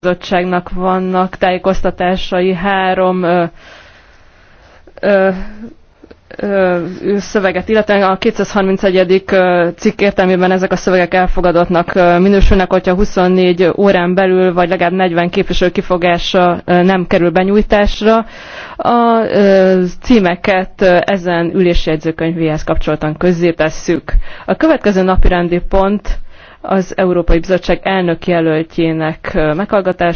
bizottságnak vannak tájékoztatásai három ö, ö, ö, szöveget, illetve a 231. cikk értelmében ezek a szövegek elfogadottnak minősülnek, hogyha 24 órán belül vagy legalább 40 képviselő kifogása nem kerül benyújtásra. A ö, címeket ezen ülésjegyzőkönyvéhez kapcsoltan közzétesszük. A következő napi rendi pont az Európai Bizottság elnök jelöltjének meghallgatás